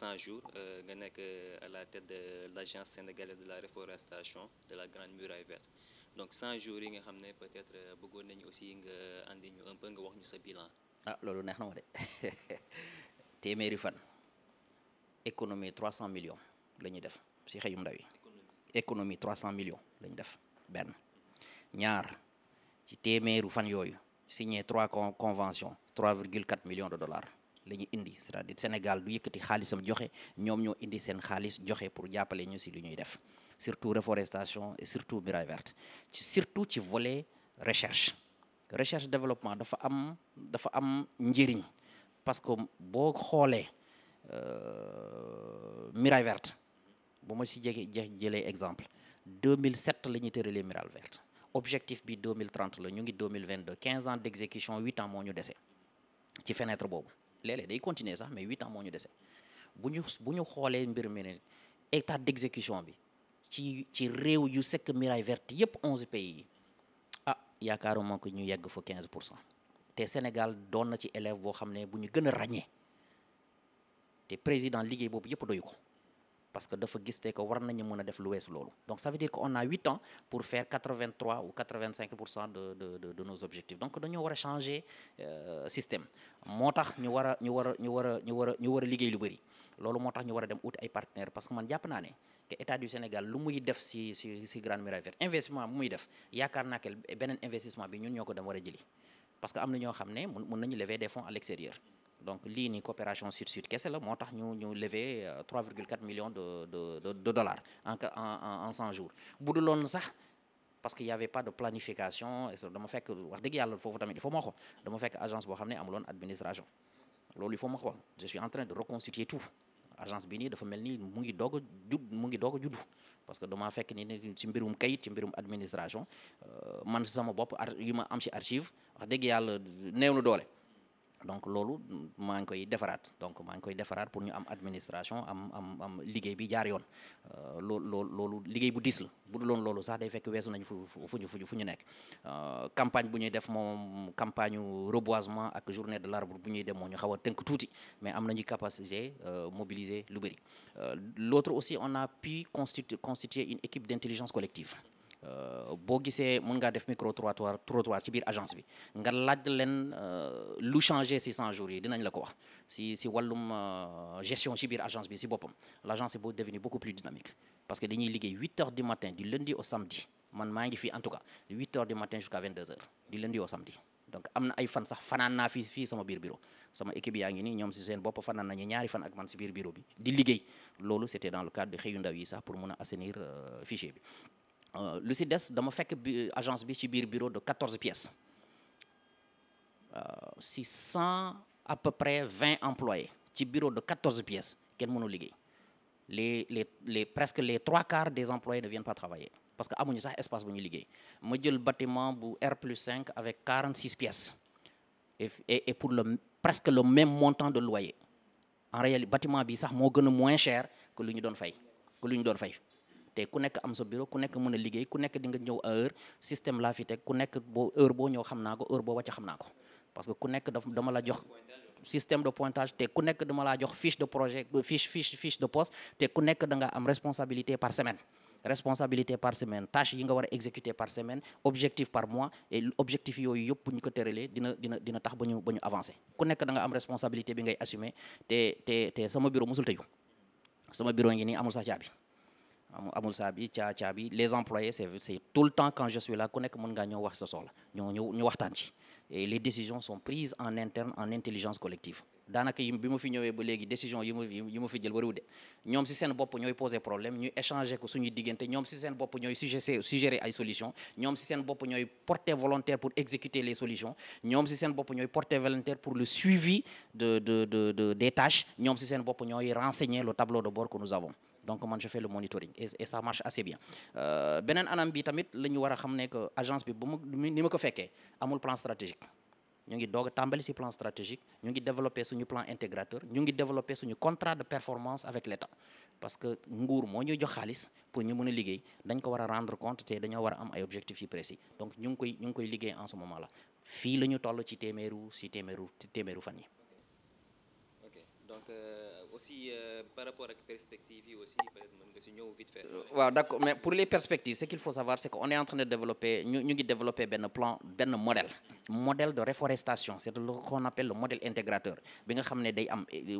100 jours euh, nga nekk euh, à la tête de l' agence sénégalaise de la reforestation de la grande muraille verte donc 100 jours yi nga xam ne peut-être euh, bëggoon nañu aussi nga andi ñu nga wax ñu sa bilan. Ah, loolu neex na ma de téeméeri fan économie 300 millions la ñuy def si xëyum ndaw yi. économie 300 millions la ñu def benn ñaar ci téeméeru fan yooyu signé trois convention 3,4 millions de dollars. la ñu indi c'est-à-dire Sénégal du yëkkati xaalisam joxe ñoom ñoo indi seen xaalis joxe pour jàppale ñu si lu ñuy def surtout reforestation et surtout muraille verte ci surtout ci volet recherche recherche développement dafa am dafa am njëriñ parce que boo xoolee euh, muraille verte bu ma si jege jëlee exemple 2007 la miral tëralee muraille verte objectif bi 2030 la ñu ngi 2022 15 ans d'exécution 8 ans moo ñu dese ci fenêtre boobu léeg day continuer sax mais huit ans moo ñu dese bu ñu bu ñu xoolee mbir mi ne état d'exécution bi ci ci réew yu sekk muraille verte yépp onze pays yi ah yaakaaruma ko ñu yegg fa quinze pour cent te Sénégal doon na ci élève boo xam ne bu ñu gën a ràññee te président liggéey boobu yépp doyu ko parce que dafa gis ne que war nañu mën a def lu weesu loolu donc ça veut dire que on a huit ans pour faire quatre ou quatre vingt cinq pour cent de de de nos objectifs donc dañoo war a changer euh, système moo tax ñu war a ñu war a ñu war a ñu war a ñu war a liggéey lu bëri loolu moo tax ñu war a dem uti ay partenaires parce que man jàpp naa ne que état du Sénégal lu muy def si si si Grande Muraille Verte investissement bu muy def yaakaar naa que beneen investissement bi ñun ñoo ko dem war a jëli parce que am na ñoo xam ne mun nañu lever des fonds à l'extérieur donc lii nii coopération sud sud kese la moo tax ñu ñu lever 3,4 euh, millions de de de dollars en en en 100 jours bu dul loon sax parce que y avait pas de planification et dama fekk wax dëgg yàlla foofu tamit il faut ma ko fekk agence boo xam ne amuloon administration loolu il faut ma ko je suis en train de reconstituer tout agence bi nii dafa mel ni mu ngi doog mu ngi doog a juddu parce que damaa fekk ni ci mbirum kayit ci mbirum administration euh, man sama bopp ar yi ma am ci archive wax dëgg yàlla néew na doole. donc loolu maa ngi koy defaraat donc maa ngi koy defaraat pour ñu am administration am am am liggéey bi jaar yoon loolu euh, loolu loolu liggéey bu diis la bu dul loon loolu sax day fekk weesu nañu fu fu ñu fu ñu nekk euh, campagne bu ñuy def moom campagne reboisement ak journée de l'arbre bu ñuy dem moo ñu xaw a tënk tuuti mais am nañu capacité euh, mobiliser lu bëri l'autre aussi on a pu constituer constituer une équipe d'intelligence collective Euh, boo gisee mën ngaa def micro trottoir trottoir ci biir agence bi nga laaj leen euh, lu changé si 100 jours yi dinañ la ko wax si si wàllum euh, gestion ci biir agence bi si boppam l' agence est devenue beaucoup plus dynamique parce que dañuy liggéey 8 heures du matin du lundi au samedi man maa ngi fi en tout cas de 8 heures du matin jusqu'à 22 heures du lundi au samedi donc am na ay fan sax fanaan naa fii sama biir bureau sama équipe yaa ngi nii ñoom si seen bopp fanaan nañu ñaari fan ak man si biir bureau bi di liggéey loolu c'était dans le cadre pour mun a assainir fichier Euh, lu si des dama fekk bi agence bi ci biir bureau de quatorze pièces euh, si cent à peu près vingt employés ci bureau de quatorze pièces kenn mënu liggéey les les les presque les trois quarts des employés ne viennent pas travailler parce que amuñu sax espace bu ñu liggéey ma jël batiment bu R plus cinq avec quarante six pièces et et pour le presque le même montant de loyer en réalité bâtiment bi sax moo gën a moins cher que lu ñu doon fay que lu ñu doon fay. te ku nekk am sa bureau ku nekk mën a liggéey ku nekk di nga ñëw à heure système laa fi teg ku nekk boo heure boo ñëw xam naa ko heure boo wàcc xam naa ko parce que ku nekk daf dama la jox système de pointage te ku nekk dama laa jox fiche de projet euh, fiche fiche fiche de poste te ku nekk da am responsabilité par semaine responsabilité par semaine tâche yi nga war a exécuter par semaine objectif par moi et objectif yooyu yëpp bu ñu ko tëralee dina dina dina tax ba ñu ba ñu avancer ku nekk da nga am responsabilité bi ngay assumer te te te sama bureau musul tëju sama bureau ngi nii amul amul saa bi caa caa bi les employés c'est c'est tout le temps quand je suis là ku nekk mën ngaa ñëw wax sa soxla ñoo ñëw ñu waxtaan ci et les décisions sont prises en interne en intelligence collective daanaka yi bi ma fi ñëwee ba léegi décision yi ma fi jël bariwul de ñoom si seen bopp ñooy poser problème ñu échanger ko suñuy diggante ñoom si seen bopp ñooy suggérer ay solutions ñoom si seen bopp ñooy porter volontaire pour exécuter les solutions ñoom si seen bopp ñooy porter volontaire donc man je fais le monitoring et, et marche assez bien euh, beneen anam bi tamit la ñu war a xam ne que agence bi bu mu ni ma ko fekkee amul plan stratégique ñu ngi doog a tàmbali ci plan stratégique ñu ngi développer suñu plan intégrateur ñu ngi développer suñu contrat de performance avec l'État parce que nguur moo ñuy jox xaalis pour ñu mën a liggéey dañ ko war a rendre compte te dañoo war am ay objectifs yu précis donc ñu ngi koy ñu ngi koy liggéey en ce moment fii la ñu toll ci téeméeru ci téeméeru ci téeméeru fan yi. ok euh, aussi euh, par rapport ak perspectives yi aussi peut-être mën nga si ñëw vite fait. Euh, waaw d'accord mais pour les perspectives ce qu'il faut savoir c'est qu'on est en train de développer ñu ñu ngi développer benn plan benn modèle. modèle de reforestation c'est ce qu'on appelle le modèle intégrateur bi nga xam ne day am eh,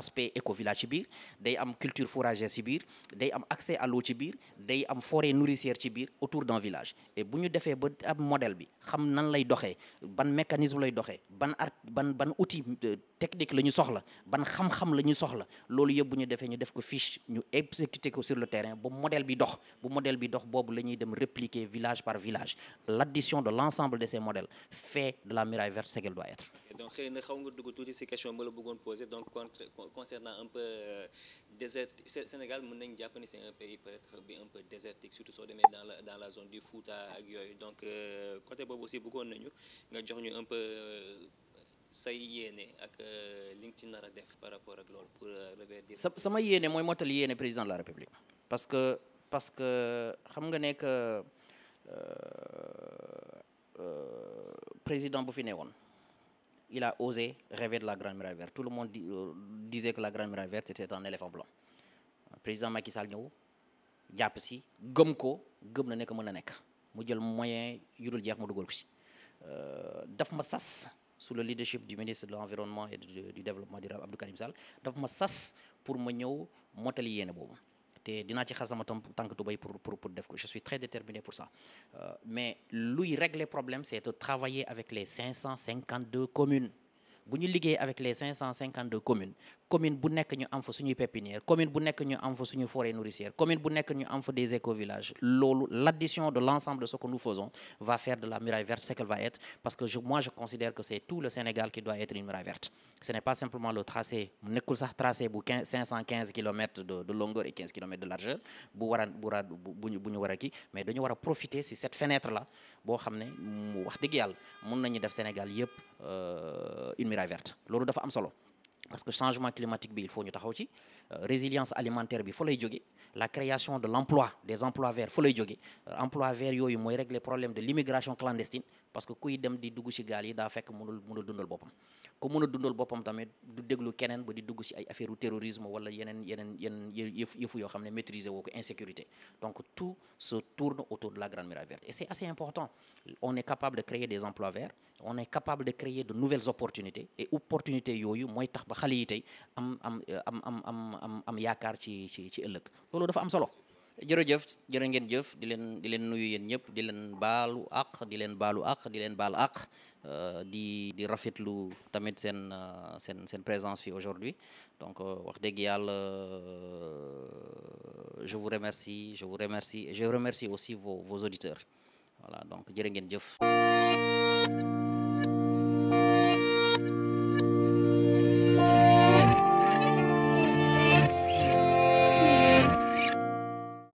aspect écovillage ci biir day am culture fourragère ci biir day am accès à l'eau ci biir day am forêt nourricière ci biir autour d'un village et bu ñu defee ba am modèle bi xam nan lay doxee ban mécanisme lay doxee ban art ban ban outil euh, technique la ñu soxla ban xam-xam la ñu soxla loolu yëpp bu ñu defee ñu def ko fiche ñu exécuter ko sur le terrain ba modèle bi dox bu modèle dox boobu la ñuy dem répliquer village par village l'addition de l'ensemble de ces modèles fait de la muraille verte, c'est qu'elle doit être. donc xëy na xaw nga dugg tuuti si question ma la bëggoon posé donc concernant un peu euh, désert Sénégal mën nañu jàpp ni c'est un pays peut-être bi un peu désertique surtout soo demee dans la dans la zone du Fouta ak yooyu donc euh, côté boobu si bëggoon nañu nga jox ñu un peu euh, say yéene ak li nga ci nar def par rapport ak loolu pour reverdir. sa sama yéene mooy mottali yéene président de la République. parce que parce que xam nga nekk. président bu fi newoon il a osé rêver de la Grande Muraille Verte tout le monde di, euh, disait que la Grande Muraille c'était un éléphant blanc président Macky Sall ñëw jàpp si gëm ko gëm na nekk mën na nekk mu jël moyen yu dul jeex mu dugal ko si euh, daf ma sas sous le leadership du ministre de l'environnement et du développement durable Abdou Karim Sall dafa ma sas pour ma ñëw motali yéene boobu te dinaa ci xar sama tànk tubéy pour pour pour def ko je suis très déterminé euh, mais luy régler problème c'est de travailler avec les 552 communes bu ñu liggéey avec les 552 communes commune bu nekk ñu am fa suñuy pépinière commune bu nekk ñu am fa suñuy forêt nourricière commune bu nekk ñu am fa des écovillages loolu l'addition de l'ensemble de ce que nous faisons va faire de la muraille verte ce qu'elle va être parce que je, considère que c'est tout le Sénégal qui doit être une muraille verte ce n'est pas simplement le tracé nekkul sax tracé bu kilomètres de longueur et 15 kilomètres de largeur bu a bu war a bu ñu bu ñu war la verte loolu dafa am solo parce que changement climatique bi il faut ñu taxaw euh, résilience alimentaire bi fa lay jóge la création de l'emploi des emplois verts fa lay jóge euh, emploi vert yooyu mooy régler problème de l'immigration clandestine parce que kuy dem di dugg ci gaal yi daa fekk mënul mënul boppam ku mën a dundal boppam tamit du déglu keneen ba di dugg ci ay affaire u terrorisme wala yeneen yeneen yeneen yëf yoo xam ne maîtriser woo ko insécurité donc tout se tourne autour de la grande muraille verte et c'est assez important on est capable de créer des emplois verts on est capable de créer de nouvelles opportunités et opportunités yooyu mooy tax ba xale yi tey am am am am am am yaakaar ci ci ci ëllëg loolu dafa am solo jërëjëf jërë ngeen jëf di leen di leen nuyu yéen ñëpp di leen baalu àq di leen baalu àq di leen baal àq euh, di di rafetlu tamit seen euh, seen seen présence fii aujourd'hui donc euh, wax dëgg yàlla je vous remercie je vous remercie aussi vos vos auditeurs voilà donc jërë ngeen jëf